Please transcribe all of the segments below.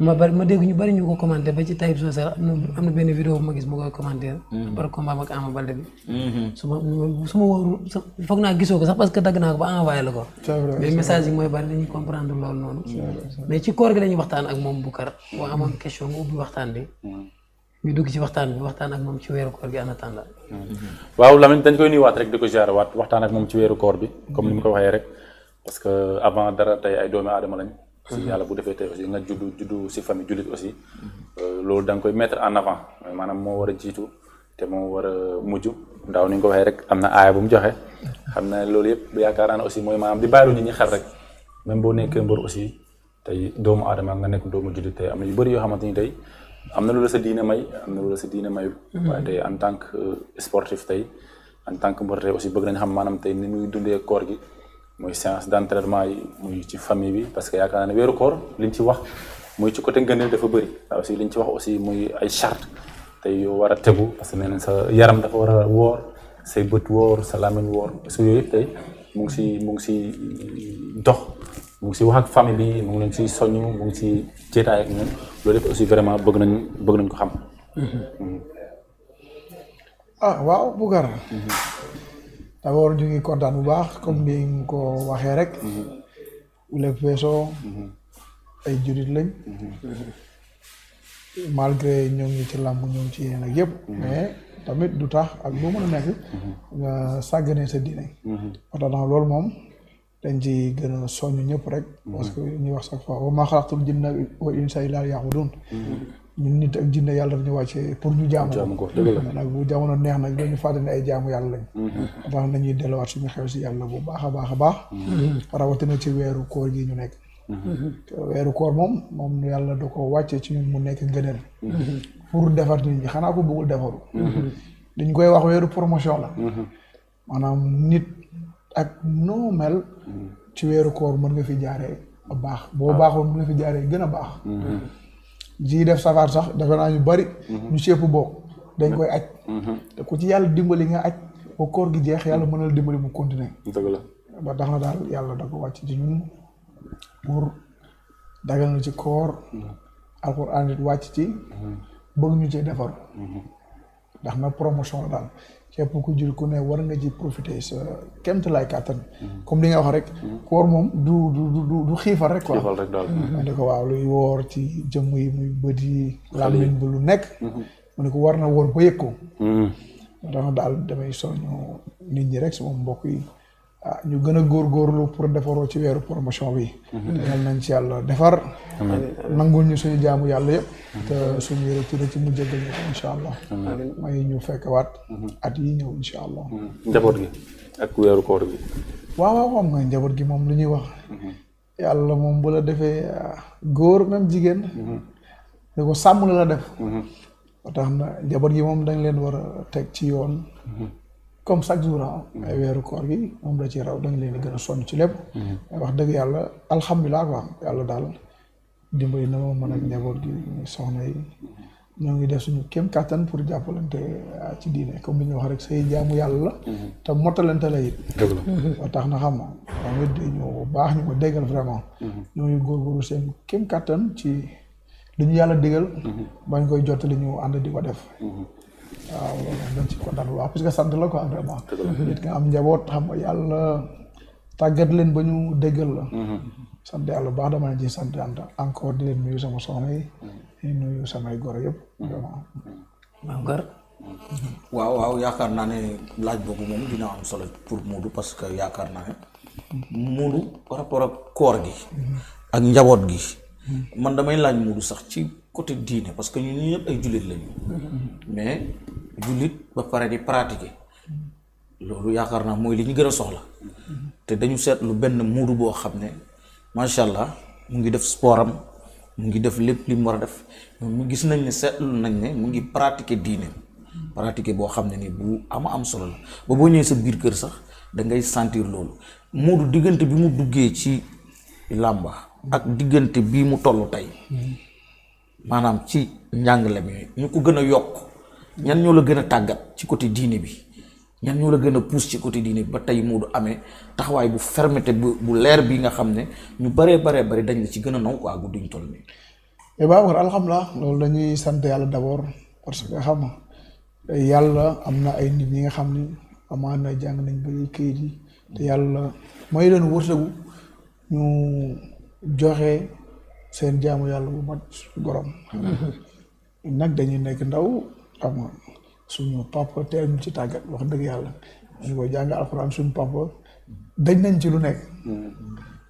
ma bari ma dégg ñu bari ñu ko commenté ba ci Taïb Socé am na benn vidéo bu ma gis mu koy commenté. Mm-hmm. par combat ak Ama Baldé bi. Mm-hmm. su ma su ma wóorul foog naa gisoo ko sax parce que dagg naa ko ba la ko. message yi mooy bari dañuy comprendre loolu noonu. mais ci koor gi lañuy waxtaan ak moom Boucar. boo amoon question nga ubbi waxtaan bi. Mm-hmm. ñu dugg ci waxtaan bi waxtaan ak moom ci weeru koor gi ana tànda. waaw Lamine dañ koy nuyuwaat rek di ko ziar waat waxtaan ak moom ci weeru koor bi. comme ni mu ko waxee rek parce que avant dara tey ay doomi aadama lañ. aussi mhm. yàlla bu defee tey aussi nga juddu juddu si famille jullit aussi euh, loolu da nga koy mettre en avant maanaam moo war a jiitu te moo war a mujj ndaw ni nga ko waxee rek am na aaya bu mu joxe xam na loolu yëpp yaakaar naa aussi mooy maanaam di bàyyilu nit ñi xel rek même boo nekkee mbër aussi tey doomu aadama nga nekk doomu jullit tey am na yu bëri yoo xamante ni tey am na loolu sa diine may na loolu sa diine mayul mhm. waaye tey en que euh, sportif tey en tant que mbër tey aussi nañ xam maanaam tey ni muy dundee koor gi muy séance d'entraînement yi muy ci famille bi parce que yaakaar naa ne weeru koor liñ ci wax muy ci côté ngëneel dafa bëri aussi liñ ci wax aussi muy ay charte tey yow war a tegu parce que nee sa yaram dafa war a woor say bët woor sa làmmiñ woor parce yooyu tey mu ngi si mu ngi si dox mu ngi si wax ak famille bi mu nañ leen si soññ mu ngi si jeetaay ak ñoom loolu yëpp aussi vraiment bëgg nañ bëgg nañ ko xam. Mm-hmm. Mm-hmm. ah waaw Bougar. Mm-hmm. d'abord ñu ngi kontaan bu baax comme ni nga ko waxee rek. Mm-hmm. Oulé Pesso. Mm-hmm. ay jurit lañ. Mm-hmm. malgré ñoo ngi ci làmp ñoom ci yéen ak yëpp. mais tamit du tax ak boo mën a nekk. nga sàgganee sa diine. waxtaan naa loolu moom dañ ci gën a soññ ñëpp rek. parce que ñuy wax chaque fois wa maa xalaqtul jinna wal insa illaa liya'buduun ñun nit ak jinne yàlla daf ñu wàccee pour ñu jaamu ko nag bu jamono neex nag dañu fàtte ne ay jaamu yàlla lañ ndax mm-hmm. nañuy delluwaat suñu xew si yàlla bu baax a baax a baax mm-hmm. rawatina ci weeru koor gi ñu nekk mm-hmm. weeru koor moom moom yàlla da ko wàccee ci ñun mu nekk ngëneel pour defar nit ñi xanaa ko bëggul defaru dañ koy wax weeru promotion la maanaam nit ak noo mel ci weeru koor mën nga fi jaaree baax boo ah. baaxoon mën nga fi jaaree gën a baax ji def safar sax defe naa ñu bari. Mhm. ñu sépp book dañ koy aj mhm. te ku ci yàlla dimbali nga aj ba koor gi jeex yàlla mën na dimbali mu continuer dëgg la ba tax na daal yàlla da ko wàcc ci ñun pour dagal na ci koor mhm. alxuraan it wàcc ci bëgg ñu ci defar ndax na promotion la daal képp ku jur ku ne war nga ji profité sa kéem lay kàttan. comme li nga wax rek. koor moom du du du du xiifal rek. xiifal rek daal mu mm-hmm. ko waaw luy woor ci jëmm yi muy bët yi. làmmiñ bu lu nekk. mu mm-hmm. ne ko war na woor ba yëg ko. dama mm-hmm. daal damay soññu nit ñi rek sama mbokk yi. ah ñu gën a góor góorgóorlu pour defaroo ci weeru promotion bi. yal nañ ci yàlla defar. nangul ñu suñu jaamu yàlla yëpp. te suñu yore turé ci mu jéggal ñu ko incha allah. may ñu fekkewaat at yi ñëw incha allah. njaboot gi ak weeru koor bi. waaw moom nga njaboot gi moom lu ñuy wax. yàlla moom bu defee ah, góor même jigéen. da ko sàmm la la def. ba tax na njaboot gi moom dañ leen war a teg ci yoon. comme chaque jour ah. weeru koor gi moom la ci raw dañ leen di gën a sonn ci lépp. Mhm. wax dëgg yàlla alhamdulilah quoi yàlla daal dimbali na ma mën ak njaboot gi soxna yi ñoo ngi def suñu kem kàttan pour jàppalante ah, ci diine comme li ñu wax rek say jaamu yàlla la. Mhm. te mottalante la it. dëgg tax na xam nga moom it ñu baax ñu ko déggal vraiment. Mhm. ñoo ngi góorgóorlu seen kéem kàttan ci li ñu yàlla déggal. bañ koy jottali ñu ànd di ko def. waaw loolu dañ la quoi njaboot xam nga yàlla tàggat leen ba ñu déggal la. Mhm. sant yàlla bu baax dama leen ciy mhm. samay goro yëpp. Mhm. waaw yaakaar naa ne laaj boobu moom dina am solo pour Moodu parce que yaakaar naa ne. Moodu rapport ak koor gi. ak njaboot gi. man damay laaj Moodu sax ci. côté diine parce que ñun ñëpp ay jullit lañu mais jullit ba pare di pratiquer loolu yaakaar naa mooy li ñu gën a soxla te dañu seet lu benn muudu boo xam ne macha allah mu ngi def sport mu ngi def lépp li mu war a def mu gis nañ ne seetlu nañ ne mu ngi pratiquer diine pratiquer boo xam ne ni bu ama am solo la ba boo ñëwee sa biir kër sax da ngay sentir loolu muudu diggante bi mu duggee ci làmba ak diggante bi mu toll tey maanaam ci njàngale bi ñu ko gën a yokk ñan ñoo la gën a tàggat ci côté diine bi ñan ñoo la gën a pousse ci côté diine bi ba tey Modou amee taxawaay bu fermeté bu bu leer bi nga xam ne ñu baree baree bari dañ la ci gën a naw quoi guddi toll nii. eh Babacar alhamdulilah loolu dañuy sant yàlla d'abord parce que xam nga yàlla am na ay nit ñi nga xam ni amaan na jàng nañ ba ñuy kayit yi te yàlla mooy leen wërsëgu ñu joxe. seen jaamu yàlla bu mat gorom nag dañuy nekk ndaw xam nga suñu papa te ñu ci tàggat wax dëgg yàlla ñu ko jàng alxuraan suñu papa dañ nañ ci lu nekk mm.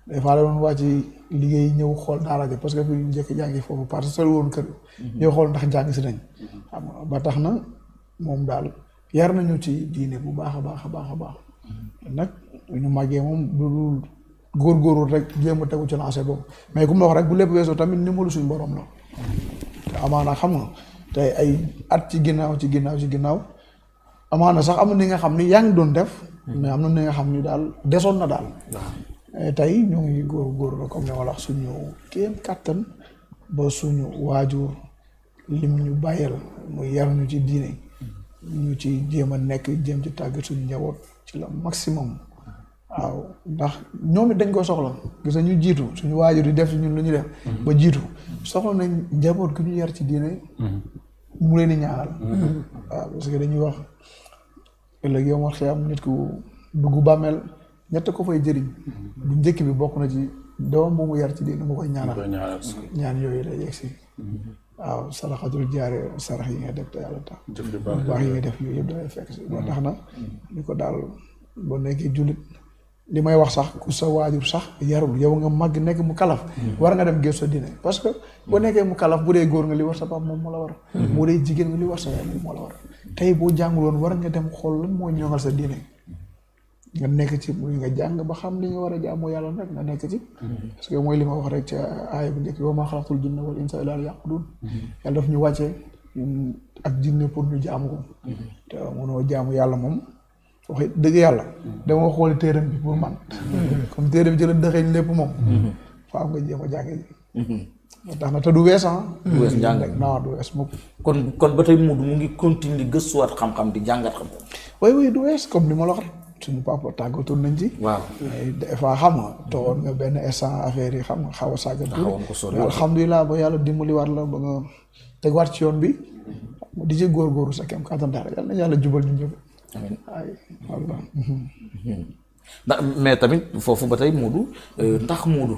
des fois la doon wàcc liggéey ñëw xool daara parce que fi ñu njëkk jàngi foofu parce que sel woon kër mm-hmm. ñëw xool ndax jàng si nañ mm-hmm. xam ba tax na moom daal yar nañu ci diine bu baax a baax a baax a baax mm-hmm. nag ñu màggee moom lu dul góor góorgóorlu rek jéem a tegu ci lancé boobu mais ku moo wax rek bu lépp weesoo tamit ndimbalu suñu borom la te amaana xam nga tey ay at ci ginnaaw ci ginnaaw ci ginnaaw amaana sax am na ni nga xam ni yaa ngi doon def. mais am na ni nga xam ni daal desoon na daal. tey ñu ngi góor comme ni ma la wax suñu kéem kàttan ba suñu waajur lim ñu bàyyil mu yar ñu ci diine ñu ci jéem a nekk jéem ci tàggat suñu njaboot ci la maximum. waaw ndax ñoom dañ ko soxla gis na ñu jiitu suñu waajur yi def si ñun lu ñu def. Mhm. ba jiitu soxla nañ njaboot ki ñu yar ci diine. Mhm. mu leen di ñaanal. Mhm. waaw parce dañuy wax ëllëg yow wax am nit ku dugg bàmmeel ñett ko fay jëriñ. njëkk bi bokk na ci doom bu mu yar ci diine mu koy ñaanal. ñaan yooyu day yegg si. waaw yi nga def te yàlla tax. yi nga def yooyu yëpp dafay fekk na ñu ko daal boo nekkee jullit. li may wax sax ku sa waajur sax yarul yow nga màgg nekk mu kalaf hmm. war nga dem gëstu dina parce que boo hmm. nekkee mu kalaf bu dee góor nga li war sa papa moom moo la war hmm. bu dee jigéen nga li war sa moom moo tey boo jàngul woon war nga dem xool lan moo ñoŋal sa diine nga nekk ci muy nga jàng ba xam li nga war a jaamu yàlla rek nga nekk ci parce mooy li ma wax rek ca aaya bu njëkk wa maa xalaqtul jinna wal insa illaa liya'buduun yàlla daf ñu wàccee ak jinne pour ñu jaamu ko te jaamu yàlla moom wax dëgg yàlla. dama xooli téeram bi pour man. comme téeram bi ci la dëxëñ lépp moom. faaw a jàngee tax na te du wees ah. du wees wees moom. kon kon ngi continuer gëstuwaat xam di jàngat xam-xam. oui oui comme li ma la wax suñu papa tàggatoon nañ ci. waaw des xam nga toogoon nga benn instant affaire yi xam nga xaw a sàgg. xawoon ko sori alhamdulilah ba yàlla dimbaliwaat la ba nga tegwaat ci yoon bi. di ci góorgóorlu sa kem kàttan daal yàlla jubal ñu ñëpp. ndax mais tamit foofu ba tey Moodu euh, ndax Moodu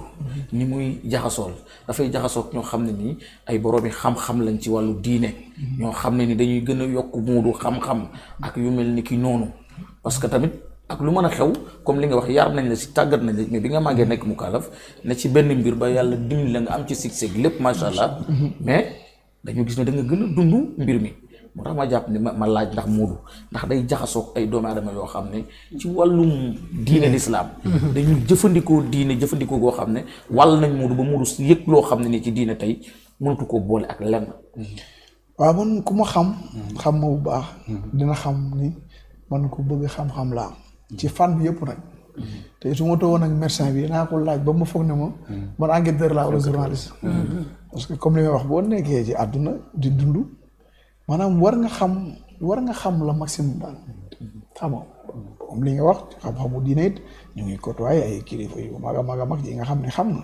ni muy jaxasool dafay jaxasoog ñoo xam ne nii ay boroomi xam-xam lañ ci wàllu diine ñoo xam ne ni dañuy gën a yokk Moodu xam-xam ak yu mel ni ki noonu parce que tamit ak lu mën a xew comme li nga wax yar nañ la si tàggat nañ la mais bi nga màggee nekk mu kaalaf ne ci benn mbir ba yàlla dimbali la nga am ci sig-sig lépp macha allah mais dañu gis ne danga gën a dund mbir mi moo tax ma jàpp ni ma ma laaj ndax Modou ndax day jaxasoo ay doomi aadama yoo xam ne ci wàllum diine lislaam dañuy jëfandikoo diine jëfandikoo goo xam ne wàll nañ Modou ba si yëpp loo xam ne ni ci diine tey mënatu koo boole ak lenn man ku ma xam hmm. xam ma bu baax hmm. dina xam ni man ko bëgg xam-xam laa hmm. ci fan bi yëpp nag te su ma toogoon ak médecin bi naa ko laaj ba ma foog ne ma man enquêteur laa a journaliste parce que comme li wax boo nekkee ci àdduna di dund maanaam war nga xam war nga xam la maximum daal xam ah nga li nga wax xam-xamu ñu ngi côtoyé ay kilifa yu mag a mag a yi nga xam ne xam na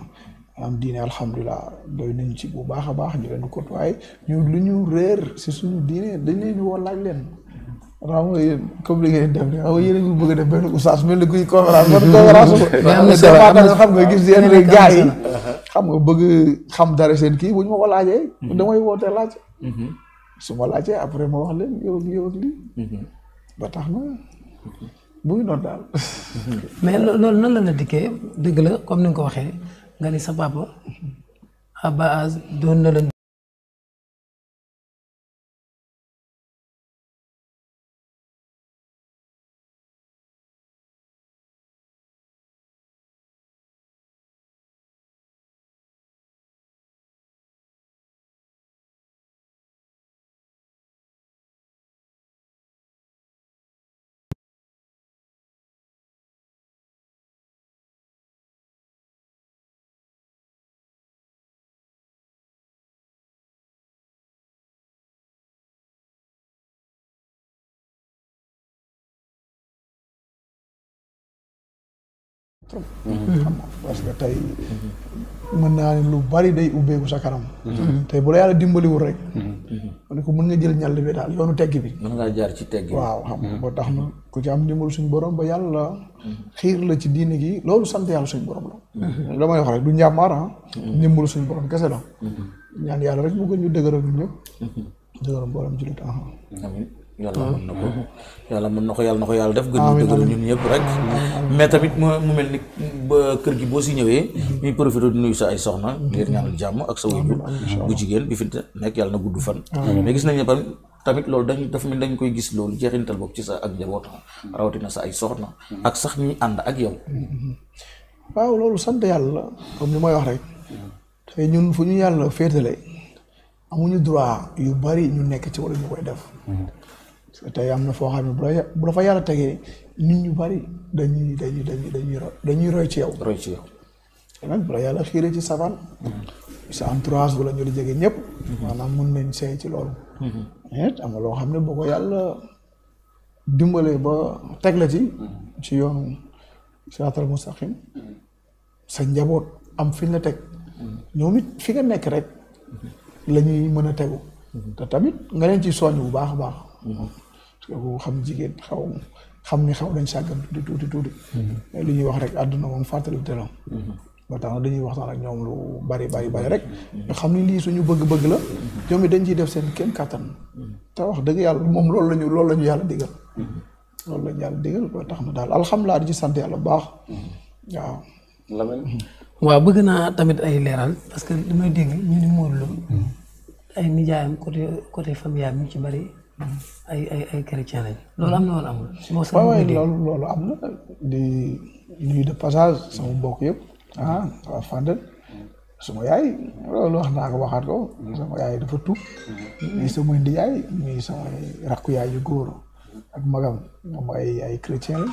am diine alhamdulilah doy nañ ci bu baax a baax ñu leen côtoyé ñu lu ñu réer si suñu diine dañ leen di woo laaj leen. xam nga comme li xam nga yéen a ngi bëgg def benn oustaz mel ni kuy conférence man conférence ba nga gis yenn gaa yi xam nga bëgg xam dara seen kii bu ñu ma ko laajee mhm. damay wootee laaj mhm. su ma laajee après ma wax leen yow lii yow lii. Mhm. ba tax na buy noonu daal. mais loolu nan la la dikkee dëgg la comme ni nga ko waxee nga ni sa papa à doon na la. Mm-hmm. Mm-hmm. Mm-hmm. parce que tey mën naa ne lu bari day ubbeeku sa kanam te bu la yàlla dimbaliwul rek ma ko mën nga jël ñàll bi daal yoonu tegg bi mën ngaa jaar ci tegg waaw xam nga ba tax na ku ci am dimbal suñ boroom ba yàlla xiir la ci diine gi loolu sant yàlla suñ borom la damay wax rek du njàmbaar ah dimbal suñ borom kese la ñaan yàlla rek mu gën ñu dëgëral ñu ñëpp dëgëral mboolem jullit ah yàlla ah. mën na ko yàlla mën na ko yàlla na ko yàlla def gën ñu dëgëral ñun ñëpp rek ah, ah, mais tamit mu mel ni ba kër gi boo si ñëwee mm-hmm. ñuy profité di nuyu sa ay soxna di leen ñaanal mm-hmm. jàmm ak sa wujju bu jigéen bi fi nekk yàlla gudd fan mais gis nañ ne tamit loolu dañ dafa dañ koy gis loolu jeexintal boobu ci sa ak njabootam rawatina sa ay soxna ak sax ñi ànd ak yow mm-hmm. waaw loolu sant yàlla comme li may wax rek tey ñun fu ñu yàlla féetale amuñu droit yu bari ñu nekk ci wala ñu koy def tey am na foo xam ne bu la bu la fa yàlla tegee nit ñu bari dañuy dañuy dañuy dañuy dañuy roy ci yow. roy ci bu la yàlla xiiree ci saban mm-hmm. sa entourage bu la ñu la jege ñëpp. Mm-hmm. maanaam mun nañ seey ci loolu. Mm-hmm. Eh, am na loo xam ne boo ko yàlla dimbalee ba teg la ci. ci yoonu siraatal sa njaboot am fi nga teg. ñoom it fi nga nekk rek. la mën a tegu. te tamit nga leen ci soññ bu baax a baax. kooku xam jigéen xaw xam ni xaw dañ sàggan tuuti tuuti tuuti mm-hmm. li ñuy wax rek àdduna moom fàttali teloon mm-hmm. ba tax na dañuy waxtaan ak ñoom lu bari bari bari rek mm-hmm. xam ni lii suñu bëgg-bëgg la ñoom it dañ ciy def seen kenn kàttan te wax dëgg yàlla moom loolu lañu loolu la yàlla digal loolu la ñu yàlla digal ba tax na daal alhamdulilah di ci sant yàlla bu baax waaw waaw bëgg naa tamit ay leeral parce que damay dégg ñu ni Modou Lo ay nijaayam côté côté familial ñu ci bari ay ay ay chrétien lañ hmm. loolu am na woon amul. waaw waaw loolu am na di nuyu de passage sama mbokk yëpp ah waa Fandène sama yaay loolu wax naa ko waxaat ko sama yaay dafa tuub nii hmm. sama ndi yaay nii sama rakku yaay yu góor ak magam moom ay ay chrétien lañ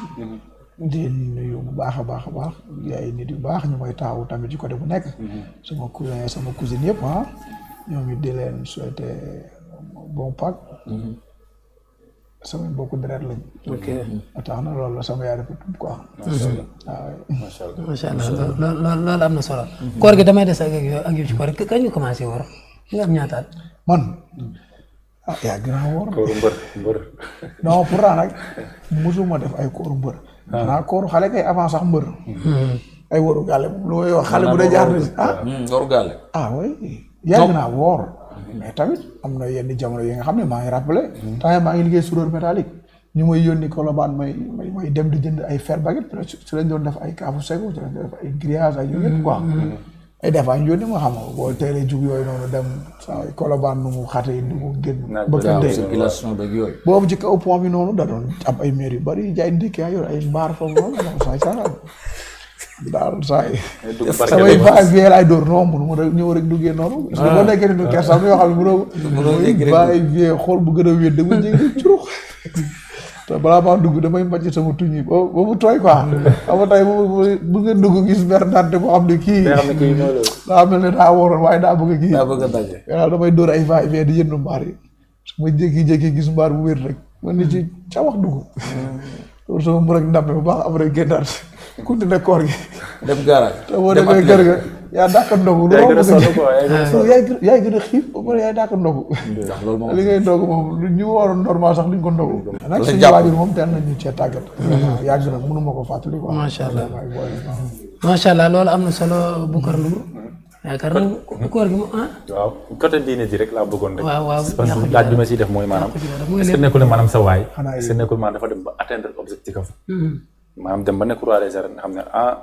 hmm. di nuyu bu baax a baax a baax yaay nit yu baax ñu may taxawu tamit ci côté bu nekk sama cousin sama cousine yëpp ah ñoom it di leen souhaiter bon Pâques Mm-hmm. sama mbokku deret lañ. ok tax na loolu la sama yaay dafa tuub quoi. macha allah mm-hmm. ah, macha allah loolu loolu am na solo. Mm-hmm. koor gi damay des ak yow ak yow ci koor gi kañ ñu commencé woor nga am ñaataat. man ah yaa gën a woor. kooru mbër mbër. non pourtant nag mosuma def ay kooru mbër. Ah. xanaa kooru xale kay avant sax mbër. ay wóoru gàlle lu may wax xale bu dee jaar ah. Mm, wóoru gàlle. ah oui yàgg naa woor. mais tamit am na yenn jamono yi nga xam ne maa ngi rappelé. temps maa ngi liggéey soudeur métallique. ñu may yónni kolobaan may may dem di jënd ay fer baguette ci lañ doon def ay kaafu segu su lañ doon def ay grillage ay yooyu yëpp quoi. Mm-hmm. Mm-hmm. ay xam nga boo teelee yooyu noonu dem saa Colobane nu mu xatee nu mu génn. bëggante yooyu. boobu ci kaw pont bi noonu da doon am ay maire yu bari jaay ndékki ay yor ay mbaar foofu noonu. daal saa yi. samay vaillé vie laay door romb nu mu ñëw rek duggee noonu. parce que ah. boo nekkee nii kersa bu gën a wér dama jéggi te balaa maa dugg damay màcc sama tuñ yi ba ba mu tooy bu ngeen dugg gis mer nante boo xam ne kii. daa mel ne daa waroon waaye daa daa bëgg a daje. door ay vaillé vie di yëndu mbaar yi su gis mbaar bu wér rek man ni ci ca wax dugg. Mm. loolu sama mu rek ndàmpe bu baax am rek génnaat ku dina koor gi. dem garage te boo demee kër ga yaa dàq ndogu. yaa gën a sonn quoi yaa gën a xiif ba pare yaa dàq ndogu. ndax loolu moom li lu ñu waroon normal sax duñ ko ndogu. nag suñu tàggat. yàgg na mënu ma ko fàttali quoi. macha allah macha allah loolu am na solo Boucar Ndour. yaakaar naa koor gi mu ah. waaw côté diine ji rek laa bëggoon rek. waaw waaw parce que laaj sa waay. est-ce que nekkul maanaam dafa dem ba atteindre objectif am mm-hmm. maanaam dem ba nekk roi des arènes nga xam ne ah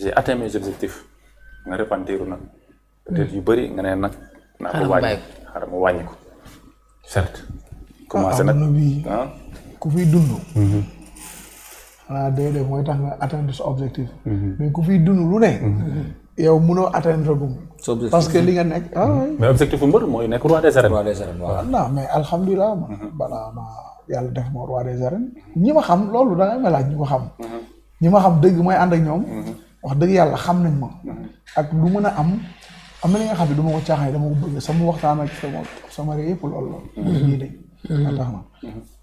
j'ai atteint mes objectifs nga repentir nag yu bëri nga ne nag. naa ko wàññi xaaral ma wàññi ko. certes. commencé ah, ah. ku fiy dund. Mhm. xanaa day def mooy tax nga atteindre sa objectif. Mhm. mais ku fiy dund lu ne. Mhm. yow mënoo atteindre gum. parce que li nga nekk ah. mais objectif bu mbër mooy nekk roi des arènes. roi mais alhamdulilah. balaa ma. yàlla def ma roi des arènes ñi ma xam loolu da ngay ma laaj ñi ma xam. Mhm. ñi ma xam dëgg may ànd ak ñoom. Mhm. wax dëgg yàlla xam nañ ma. Mhm. ak lu mën a am am na li nga xam ne duma ma ko caaxaan dama ko bëgg sama waxtaan ak sama sama réew yëpp loolu la. lii de.